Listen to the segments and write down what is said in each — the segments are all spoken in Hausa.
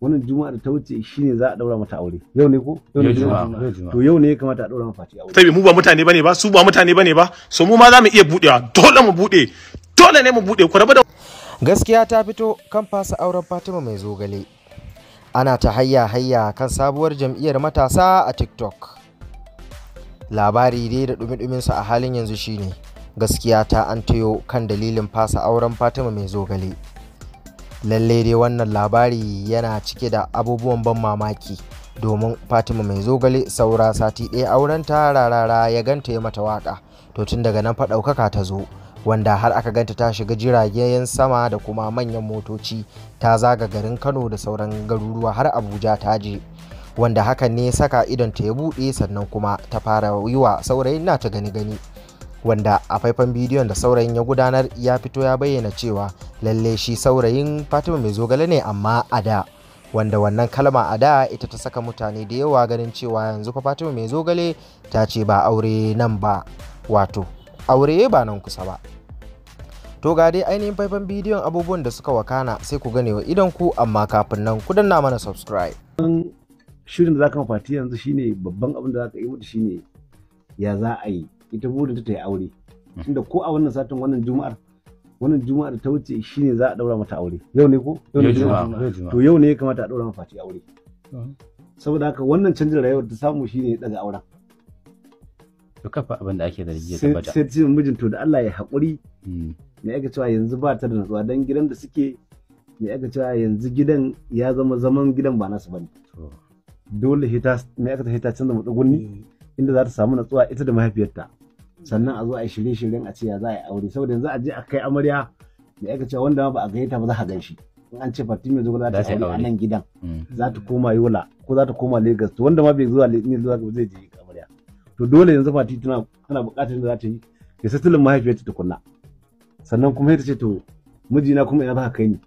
wannan juma'a da ta wuce shine za a daura mata aure yau ne ko yau ne to yau ne ya kamata a daura mata aure sai mu ba mutane bane ba su ba mutane bane ba so mu ma za mu iya budewa dole mu bude dole ne mu bude ku rabu da gaskiya ta fito kan fasa auren Fatima mai zogale ana ta hayya hayya kan sabuwar jam'iyyar matasa a TikTok labari dai da dumi sa a halin yanzu shine gaskiya ta an tayo kan dalilin fasa auren Fatima mai zogale lallai dai wannan labari yana cike da abubuwan ban mamaki domin fatima mai zogale saura sati ɗaya auren ta rarara ya ganta ya mata waka to tun daga nan faɗaukaka ta zo wanda har aka ganta ta shiga jiragen sama da kuma manyan motoci ta zaga garin kano da sauran garuruwa har abuja ta je wanda hakan ne saka idonta ya buɗe sannan kuma ta fara yi wa saurayin na ta gani gani wanda a faifan bidiyon da saurayin ya gudanar ya fito ya bayyana cewa lalle shi saurayin fatima mai zogale ne amma a da wanda wannan kalma a da ita ta saka mutane da yawa ganin cewa yanzu fa fatima mai zogale ta ce ba aure nan ba wato aure ba nan kusa ba to ga dai ainihin faifan bidiyon abubuwan da suka wakana sai ku gane wa idan ku amma kafin nan ku danna mana subscribe shirin da ka fati yanzu shine babban abin da zaka yi mutu shine ya za a yi ita burinta ta yi aure hmm. tunda ko a wannan satin wannan juma'ar wannan juma'ar ta wuce shine za a daura mata aure yau ne ko yau ne juma'a to yau ne ya kamata a daura mata fati aure hmm. saboda haka wannan canjin rayuwar da samu shine daga auren to kafa abin da ake zargi ya tabbata sai ce mijin to da Allah ya haƙuri hmm. me aka cewa yanzu ba ta da nutsuwa dan gidan da suke me aka cewa yanzu gidan ya zama zaman gidan ba nasu bane dole hita me aka ta hita canza mutugunni inda za ta samu natsuwa ita da mahaifiyarta sannan a zo a yi shirye-shiryen a ce ya za a yi aure saboda yanzu a je a kai amarya da aka ce wanda ba a gayyata ba za a gan shi in an ce mai zuwa za ta aure a nan gidan mm. za ta koma Yola ko za ta koma Lagos to wanda ma bai zuwa ne zuwa ta zai je amarya to dole yanzu fati tana tana buƙatar da za ta yi ya satulin mahaifiyarta kunna sannan kuma ta ce to mijina kuma ina za ka kai ni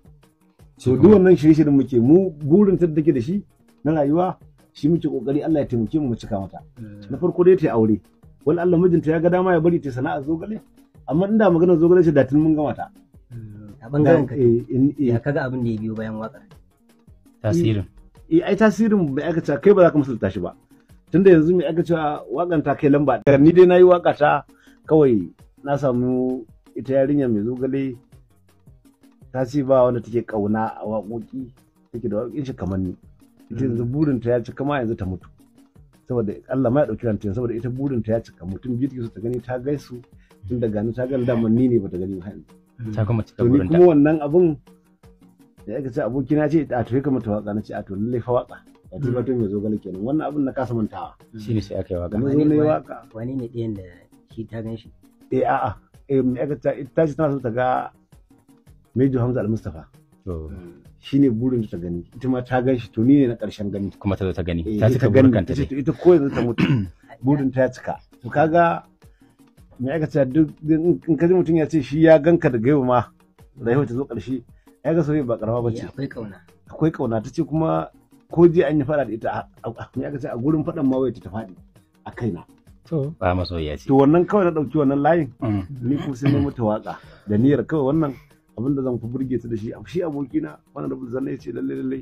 so duk wannan shirye-shiryen muke mu burin ta take da shi na rayuwa shi muke kokari Allah ya taimake mu mu cika mata eh. na farko dai ta aure wani Allah mijinta ya ga dama ya bari ta sana'a zogale amma inda magana zogale ce da tun mun gama ta eh. a bangaren ka eh, ya kaga abin da ya biyo bayan waka tasirin eh ai tasirin bai aka ce kai ba za ka musulta shi ba tunda yanzu mai aka cewa wakan ta kai lamba da ni dai nayi waka ta kawai na samu ita yarinya mai zogale ta ce ba wanda take kauna a waƙoƙi take da waƙoƙin shi kamar ni ita yanzu mm. burinta ya cika ma yanzu ta mutu saboda Allah ma ya dauki ranta saboda ita burinta ya cika mutum biyu take so ta gani ta gaisu tun daga ni ta gani dama ni ne bata gani ba mm. ta kuma cika burinta to ni kuma wannan abun da aka ce na ce a tafi kamar ta waka na ce a to lallai fa waka a ce ba mm. to mai zo gani kenan wannan abun na kasa mantawa shine sai aka yi waka ne ne waka wani ne ɗayan da shi ta gan shi eh a'a eh me aka ta ce tana so ta ga Mejo Hamza Al-Mustafa shine burin ta gani ita ma ta gan shi to ni ne na karshen gani kuma ta zo ta gani eh, ta cika burin ta ita ko yanzu ta mutu burin ta cika to kaga aka ce duk in kaji mutum ya ce shi ya ganka da gaiwa ma rayuwa ta zo karshe ya ga soyayya ba karama ba ce eh, akwai kauna akwai kauna ta ce kuma ko ji an yi fada da ita me aka ce a gurin fadan ma wai ta fadi a kaina to ba masoyiya ce to wannan kawai na ɗauki wannan layin mm. ni kuma sai na mutu waka da niyyar kawai wannan abin da zan fi burge su da shi a shi abokina da rabu zanne ce lalle lalle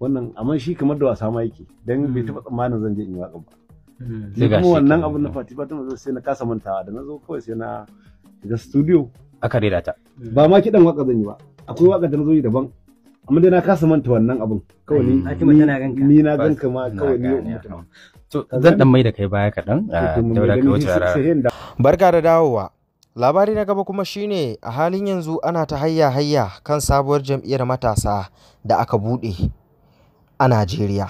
wannan amma shi kamar da wasa ma yake dan bai taba tsammanin zan je in yi waƙa ba hmm. sai kuma wannan abin na Fatima ta zo sai na kasa mantawa da na zo kawai sai na daga studio aka rera ta hmm. ba ma kidan waka zan yi ba akwai waka da na zo yi daban amma dai na kasa manta wannan abin kawai ni hmm. ni na ganka ma kawai ni to zan dan mai da kai baya kaɗan da wadda kai wacce barka da dawowa Labari na gaba kuma shine a halin yanzu ana ta hayya-hayya kan sabuwar jam'iyyar matasa da aka buɗe a Najeriya.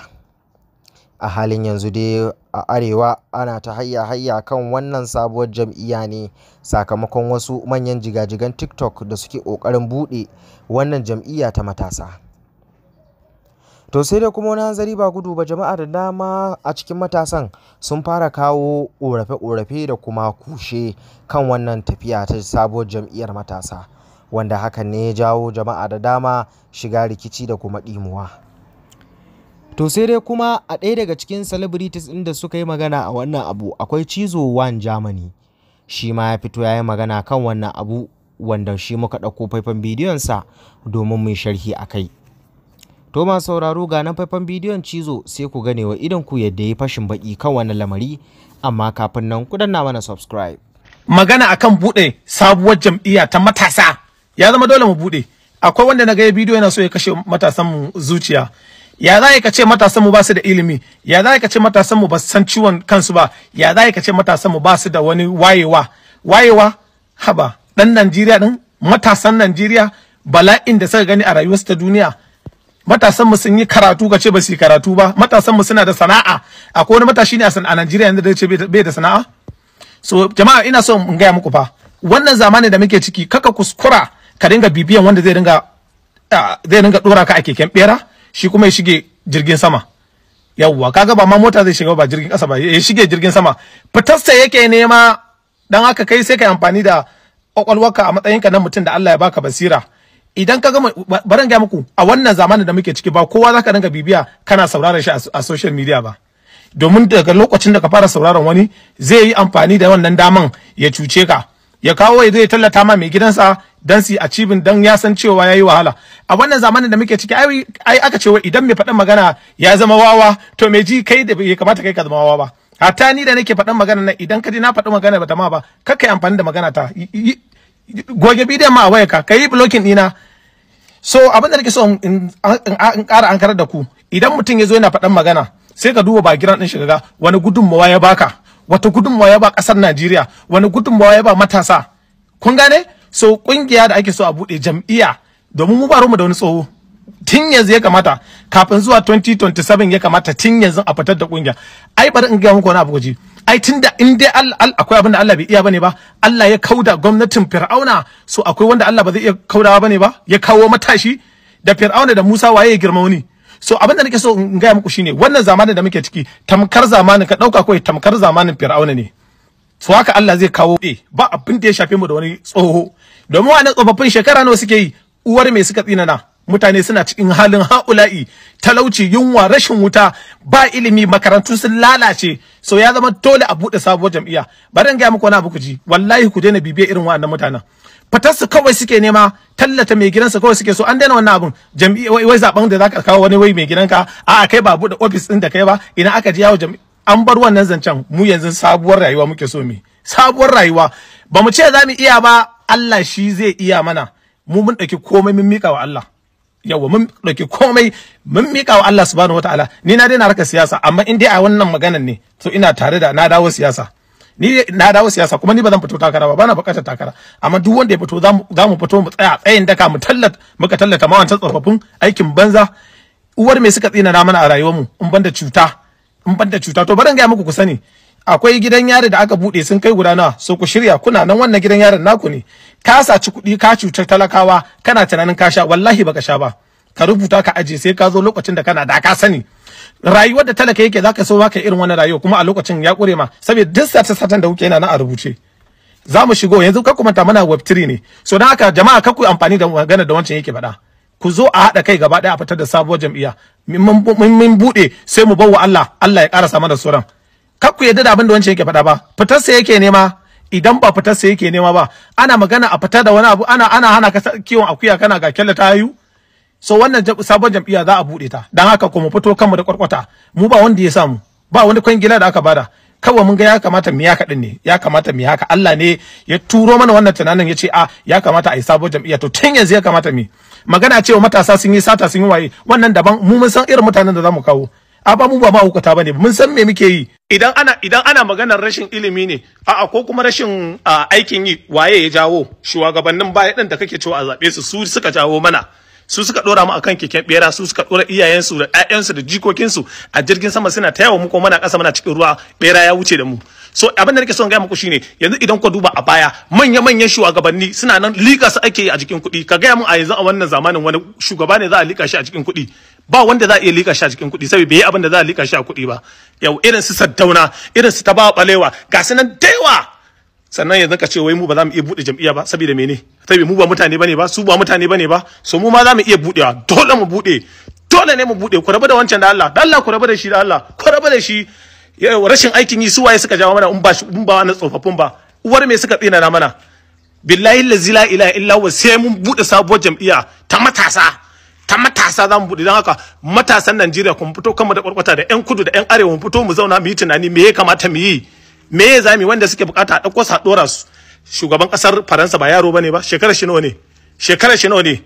A halin yanzu dai a Arewa ana ta hayya-hayya kan wannan sabuwar jam'iyya ne sakamakon wasu manyan jiga-jigan TikTok da suke ƙoƙarin buɗe wannan jam'iyya ta matasa. to sai da kuma wani hanzari ba gudu ba jama'a da dama a cikin matasan sun fara kawo ƙorafe-ƙorafe da kuma kushe kan wannan tafiya ta sabuwar jam'iyyar matasa wanda hakan ne ya jawo jama'a da dama shiga rikici da kuma ɗimuwa to sai dai kuma a ɗaya daga cikin celebrities ɗin da suka yi magana a wannan abu akwai cizo wan germany shi ma ya fito ya yi magana kan wannan abu wanda shi muka ɗauko faifan bidiyon sa domin mai sharhi a kai To ma sauraro ga nan faifan bidiyon cizo sai ku gane wa idan ku yadda ya fashin baki kan wani lamari amma kafin nan ku danna mana subscribe. Magana akan bude sabuwar jam'iyya ta matasa ya zama dole mu bude. Akwai wanda na ga ya bidiyo yana so ya kashe matasan mu zuciya. Ya za ka ce matasan mu ba su da ilimi, ya za ka ce matasan mu ba san ciwon kansu ba, ya za ka ce matasan mu ba su da wani wayewa. Wayewa haba dan Najeriya din matasan Najeriya bala'in da suka gani a rayuwarsu ta duniya matasan mu sun yi karatu ka ce ba su yi karatu ba matasanmu suna da sana'a akwai wani matashi ne a Najeriya yanzu da ce bai da sana'a so jama'a ina so in gaya muku fa wannan zamanin da muke ciki kaka kuskura ka dinga bibiyan wanda zai dinga zai dinga dora ka a keken bera shi kuma ya shige jirgin sama yawwa kaga ba ma mota zai shiga ba jirgin kasa ba ya shige jirgin sama fitarsa yake nema dan haka kai sai ka amfani da kwakwalwarka a matsayinka na mutum da Allah ya baka basira idan ka gama baran ga muku a wannan zamanin da muke ciki ba kowa zaka dinga bibiya kana sauraron shi a social media ba domin daga lokacin da ka fara sauraron wani zai yi amfani da wannan daman ya cuce ka ya kawo ya zai tallata ma mai gidansa dan su achieving dan ya san cewa yayi wahala a wannan zamanin da muke ciki ai ai aka ce idan mai faɗin magana ya zama wawa to me ji kai da ya kamata kai ka zama wawa ba hatta ni da nake faɗin magana nan idan ka ji na faɗi magana ta ma ba kakai amfani da magana ta goge bidiyon ma a wayarka ka yi blocking dina so abin da nake so in ƙara an karar da ku idan mutum ya zo yana faɗan magana sai ka duba bagiran din shi kaga wani gudunmawa ya baka wata gudunmawa ya ba ƙasar Najeriya wani gudunmawa ya ba matasa kun gane so kungiya da ake so a buɗe jam'iyya domin mu baro mu da wani tsoho tun yanzu ya kamata kafin zuwa 2027 ya kamata tun yanzu a fitar da kungiya ai bari in ga muku wani abu guji ai da in dai Allah akwai abin da Allah bai iya bane ba Allah ya kauda gwamnatin Fir'auna so akwai wanda Allah ba zai iya kaudawa bane ba ya kawo matashi da Fir'auna da Musa waye ya girma wani so abin da nake so in gaya muku shine wannan zamanin da muke ciki tamkar zamanin ka dauka kawai tamkar zamanin Fir'auna ne so haka Allah zai kawo eh ba abin da ya shafe mu da wani tsoho domin wani tsofaffin shekara nawa suke yi uwar me suka tsinana mutane suna cikin halin haula'i talauci yunwa rashin wuta ba ilimi makarantu sun lalace so ya zama dole a bude sabuwar jam'iyya bari in ga muku wani abu ku ji wallahi ku daina bibiya irin wa'annan mutanen Fatar su kawai suke nema tallata mai gidansa kawai suke so an daina wannan abun jam'iyya wai zaben da zaka kawo wani wai mai gidanka a kai ba bude office din da kai ba ina aka ji yawo jam'iyya an bar wannan zancen mu yanzu sabuwar rayuwa muke so mu sabuwar rayuwa bamu mu ce za mu iya ba Allah shi zai iya mana mu mun ɗauki komai mun mika wa Allah yau mun dauki komai mun mika wa Allah subhanahu wataala ni na daina raka siyasa amma in dai a wannan maganan ne to ina tare da na dawo siyasa ni na dawo siyasa kuma ni ba zan fito takara ba bana bukatar takara amma duk wanda ya fito za mu fito mu tsaya tsayin daka mu tallata muka tallata ma wancan tsofaffin aikin banza uwar me suka tsina na mana a rayuwar mu in banda cuta in banda cuta to bari ga muku ku sani akwai gidan yari da aka bude sun kai guda nawa so ku shirya kuna nan wannan gidan yarin naku ne ka saci kuɗi ka cutar talakawa kana tunanin ka sha wallahi baka sha ba ka rubuta ka aje sai ka zo lokacin da kana da ka sani rayuwar da talaka yake zaka so baka irin wannan rayuwa kuma a lokacin ya kure ma saboda duk sata satan da kuke yana nan a rubuce za mu shigo yanzu ka kuma mana web 3 ne so dan haka jama'a ka ku amfani da magana da wancan yake faɗa ku zo a haɗa kai gaba ɗaya a fitar da sabuwar jam'iyya mun bude sai mu bawa Allah Allah ya ƙarasa mana sauran kar ku yadda da abin da wancan yake faɗa ba fitar sa yake nema idan ba fitar sa yake nema ba ana magana a fitar da wani abu ana ana hana ka kiwon akuya kana ga kyalle ta yi so wannan sabon jam'iyya za a buɗe ta dan haka ko mu fito kanmu da kwarkwata mu ba wanda ya samu ba wani kwangila da aka bada kawai mun ga ya kamata mu haka din ne ya kamata mu haka Allah ne ya turo mana wannan tunanin ya ce a ya kamata a yi sabon jam'iyya to tun yanzu ya kamata mu magana cewa matasa sun yi sata sun yi waye wannan daban mu mun san irin mutanen da zamu kawo a ba mu ba ma hukata bane mun san me muke yi idan ana idan ana maganar rashin ilimi ne a'a ko kuma rashin aikin yi waye ya jawo shugabannin baya din da kake cewa a zabe su su suka jawo mana su suka dora mu akan keken bera su suka dora iyayensu da ƴaƴansu da jikokinsu a jirgin sama suna ta yawo mu ko muna kasa muna cikin ruwa bera ya wuce da mu so abin da nake son gaya muku shine yanzu idan ku duba a baya manya manyan shugabanni suna nan lika su ake yi a cikin kuɗi ka gaya mu a yanzu a wannan zamanin wani shugaba ne za a lika shi a cikin kuɗi ba wanda za a iya lika shi a cikin kuɗi saboda bai yi abin da za a lika shi a kuɗi ba yau irin su saddauna irin su tabawa balewa ga su nan sannan yanzu ka ce wai mu ba za mu iya buɗe jam'iyya ba saboda mene saboda mu ba mutane bane ba su ba mutane bane ba so mu ma za mu iya buɗewa dole mu buɗe dole ne mu buɗe ku raba da wancan da Allah da Allah ku raba da shi da Allah ku raba da shi rashin aikin yi su waye suka jawo mana in ba in ba na tsofaffin ba uwar me suka tsina na mana billahi allazi la ilaha illa huwa sai mun buɗe sabuwar jam'iyya ta matasa ta matasa za mu buɗe don haka matasan Najeriya kun fito kanmu da kwarkwata da 'yan kudu da 'yan arewa mu fito mu zauna mu yi tunani me ya kamata mu yi me ya zami wanda suke bukata a dauko su a ɗora su shugaban ƙasar faransa ba yaro bane ba shekarar shi nawa ne shekarar shi nawa ne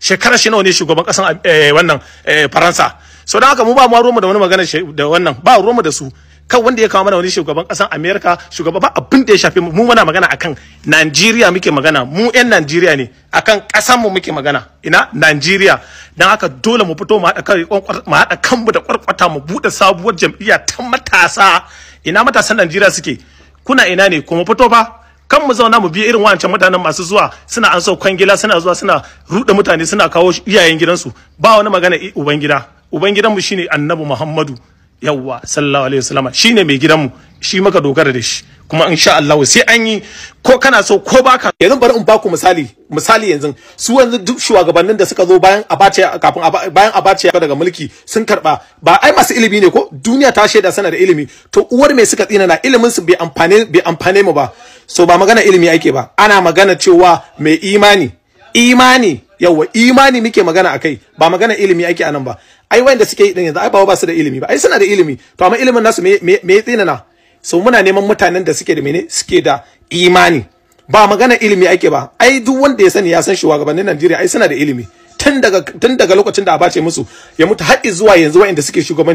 shekarar shi nawa ne shugaban ƙasar eh, wannan eh, faransa so dan haka mu ba mu ruwa da wani magana da wannan ba mu da su kan wanda ya kawo mana wani shugaban ƙasar america shugaba ba abin da ya shafe mu muna magana akan najeriya muke magana mu yan najeriya ne akan kasar mu muke magana ina najeriya dan haka dole mu fito mu haɗa kanmu da kwarkwata mu buɗe sabuwar jam'iyya ta matasa ina matasan Najeriya suke kuna ina ne kuma fito fa kan mu zauna mu biya irin wancan mutanen masu zuwa suna an sau kwangila suna zuwa suna rude mutane suna kawo iyayen gidansu ba wani magana eh, ubangida ubangidan ubangidanmu shine annabi Muhammadu yawwa sallallahu alaihi wasallama shine mai gidanmu shi maka dogara da shi kuma insha Allah sai an yi ko kana so ko baka yanzu bari in baku misali misali yanzu su yanzu duk shugabannin da suka zo bayan abace kafin bayan abace daga mulki sun karba ba ai masu ilimi ne ko duniya ta shaida sana da ilimi to uwar mai suka tsina na ilimin su bai amfane bai amfane mu ba so ba magana ilimi ake ba ana magana cewa mai imani imani yawwa imani muke magana akai ba magana ilimi ake anan ba ai wanda suke yi din yanzu ai ba ba su da ilimi ba ai suna da ilimi to amma ilimin nasu me me tsinana so muna neman mutanen da suke da mene suke da imani ba magana ilimi ake ba ai duk wanda ya sani ya san shugabannin Najeriya ai suna da ilimi tun daga tun daga lokacin da a bace musu ya mutu har zuwa yanzu wa'anda suke shugabanci